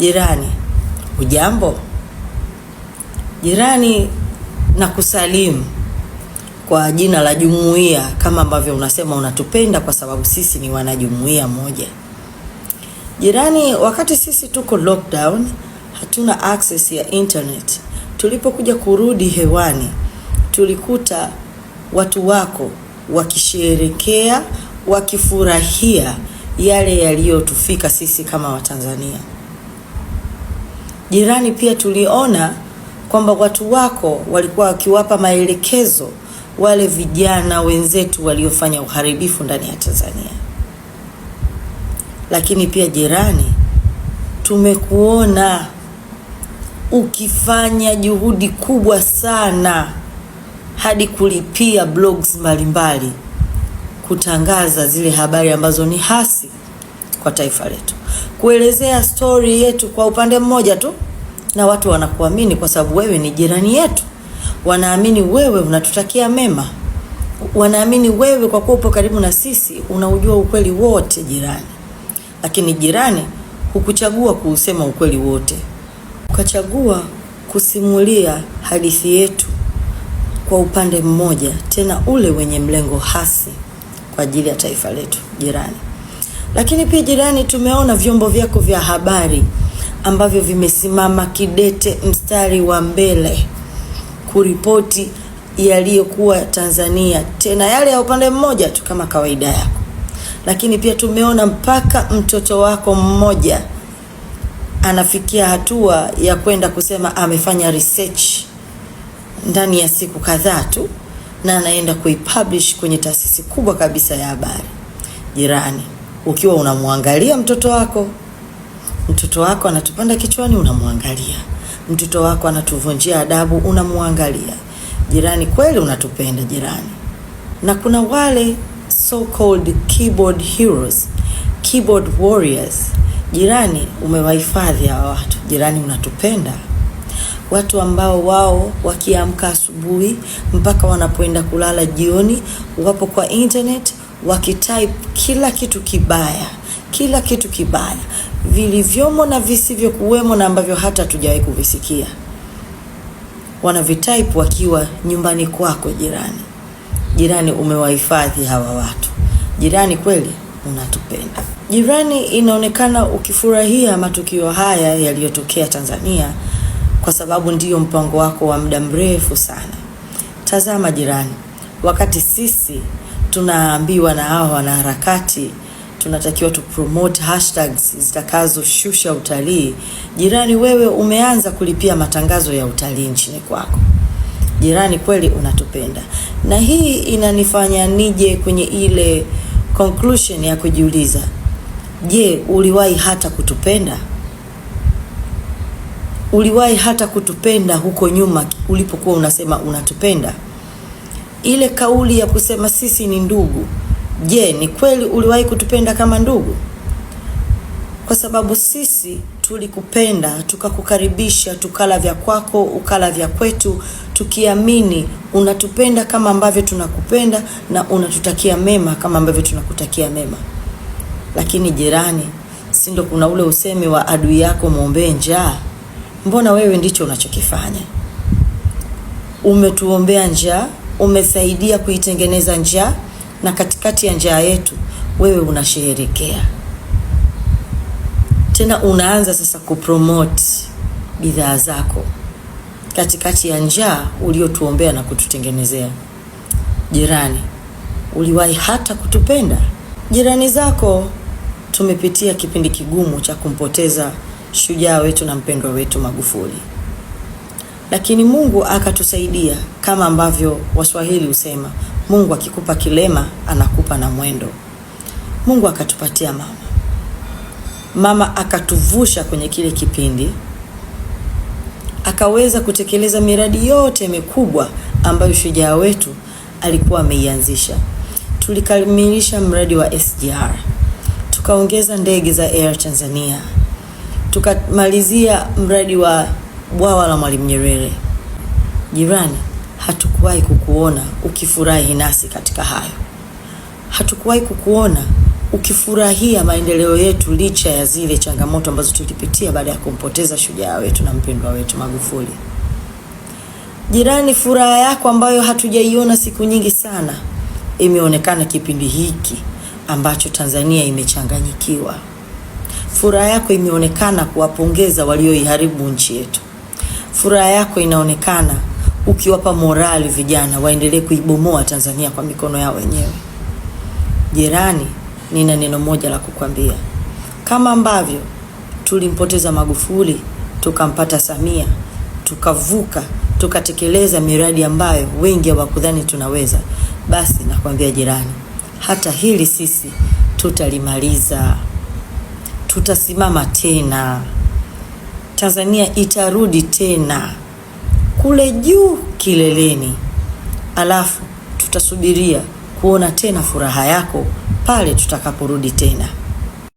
Jirani, ujambo? Jirani, na kusalimu kwa jina la jumuiya, kama ambavyo unasema unatupenda kwa sababu sisi ni wanajumuiya moja. Jirani, wakati sisi tuko lockdown, hatuna access ya internet, tulipokuja kurudi hewani, tulikuta watu wako wakisherekea, wakifurahia yale yaliyotufika sisi kama Watanzania. Jirani pia tuliona kwamba watu wako walikuwa wakiwapa maelekezo wale vijana wenzetu waliofanya uharibifu ndani ya Tanzania. Lakini pia jirani, tumekuona ukifanya juhudi kubwa sana hadi kulipia blogs mbalimbali kutangaza zile habari ambazo ni hasi kwa taifa letu, kuelezea stori yetu kwa upande mmoja tu, na watu wanakuamini kwa sababu wewe ni jirani yetu, wanaamini wewe unatutakia mema, wanaamini wewe kwa kuwa upo karibu na sisi, unaujua ukweli wote jirani. Lakini jirani hukuchagua kuusema ukweli wote, ukachagua kusimulia hadithi yetu kwa upande mmoja, tena ule wenye mlengo hasi kwa ajili ya taifa letu jirani. Lakini pia jirani, tumeona vyombo vyako vya habari ambavyo vimesimama kidete mstari wa mbele kuripoti yaliyokuwa Tanzania, tena yale ya upande mmoja tu kama kawaida yako. Lakini pia tumeona mpaka mtoto wako mmoja anafikia hatua ya kwenda kusema amefanya research ndani ya siku kadhaa tu na anaenda kuipublish kwenye taasisi kubwa kabisa ya habari. Jirani, ukiwa unamwangalia mtoto wako. Mtoto wako anatupanda kichwani, unamwangalia. Mtoto wako anatuvunjia adabu, unamwangalia. Jirani kweli unatupenda jirani. Na kuna wale so called keyboard heroes, keyboard warriors. Jirani umewahifadhi hawa watu, jirani unatupenda watu ambao wao wakiamka asubuhi mpaka wanapoenda kulala jioni wapo kwa internet, wakitype kila kitu kibaya, kila kitu kibaya vilivyomo na visivyokuwemo na ambavyo hata hatujawahi kuvisikia, wanavitype wakiwa nyumbani kwako. Jirani, jirani, umewahifadhi hawa watu. Jirani, kweli unatupenda. Jirani, inaonekana ukifurahia matukio haya yaliyotokea Tanzania kwa sababu ndiyo mpango wako wa muda mrefu sana. Tazama jirani, wakati sisi tunaambiwa na hawa wanaharakati tunatakiwa tu promote hashtags zitakazoshusha utalii. Jirani, wewe umeanza kulipia matangazo ya utalii nchini kwako. Jirani, kweli unatupenda? Na hii inanifanya nije kwenye ile conclusion ya kujiuliza, je, uliwahi hata kutupenda? Uliwahi hata kutupenda huko nyuma ulipokuwa unasema unatupenda? ile kauli ya kusema sisi ni ndugu, je, ni kweli uliwahi kutupenda kama ndugu? Kwa sababu sisi tulikupenda tukakukaribisha, tukala vya kwako, ukala vya kwetu, tukiamini unatupenda kama ambavyo tunakupenda na unatutakia mema kama ambavyo tunakutakia mema. Lakini jirani, si ndo kuna ule usemi wa adui yako mwombee njaa? Mbona wewe ndicho unachokifanya, umetuombea njaa umesaidia kuitengeneza njaa, na katikati ya njaa yetu wewe unasherekea tena, unaanza sasa kupromote bidhaa zako katikati ya njaa uliotuombea na kututengenezea. Jirani, uliwahi hata kutupenda? Jirani zako, tumepitia kipindi kigumu cha kumpoteza shujaa wetu na mpendwa wetu Magufuli lakini Mungu akatusaidia kama ambavyo Waswahili husema, Mungu akikupa kilema anakupa na mwendo. Mungu akatupatia mama, mama akatuvusha kwenye kile kipindi, akaweza kutekeleza miradi yote mikubwa ambayo shujaa wetu alikuwa ameianzisha. Tulikamilisha mradi wa SGR, tukaongeza ndege za Air Tanzania, tukamalizia mradi wa bwawa la Mwalimu Nyerere. Jirani, hatukuwahi kukuona ukifurahi nasi katika hayo. Hatukuwahi kukuona ukifurahia maendeleo yetu licha ya zile changamoto ambazo tulipitia baada ya kumpoteza shujaa wetu na mpendwa wetu Magufuli. Jirani, furaha yako ambayo hatujaiona siku nyingi sana imeonekana kipindi hiki ambacho Tanzania imechanganyikiwa. Furaha yako imeonekana kuwapongeza walioiharibu nchi yetu furaha yako inaonekana ukiwapa morali vijana waendelee kuibomoa Tanzania kwa mikono yao wenyewe. Jirani, nina neno moja la kukwambia, kama ambavyo tulimpoteza Magufuli tukampata Samia tukavuka tukatekeleza miradi ambayo wengi hawakudhani tunaweza, basi nakwambia jirani, hata hili sisi tutalimaliza, tutasimama tena. Tanzania itarudi tena kule juu kileleni, alafu tutasubiria kuona tena furaha yako pale tutakaporudi tena.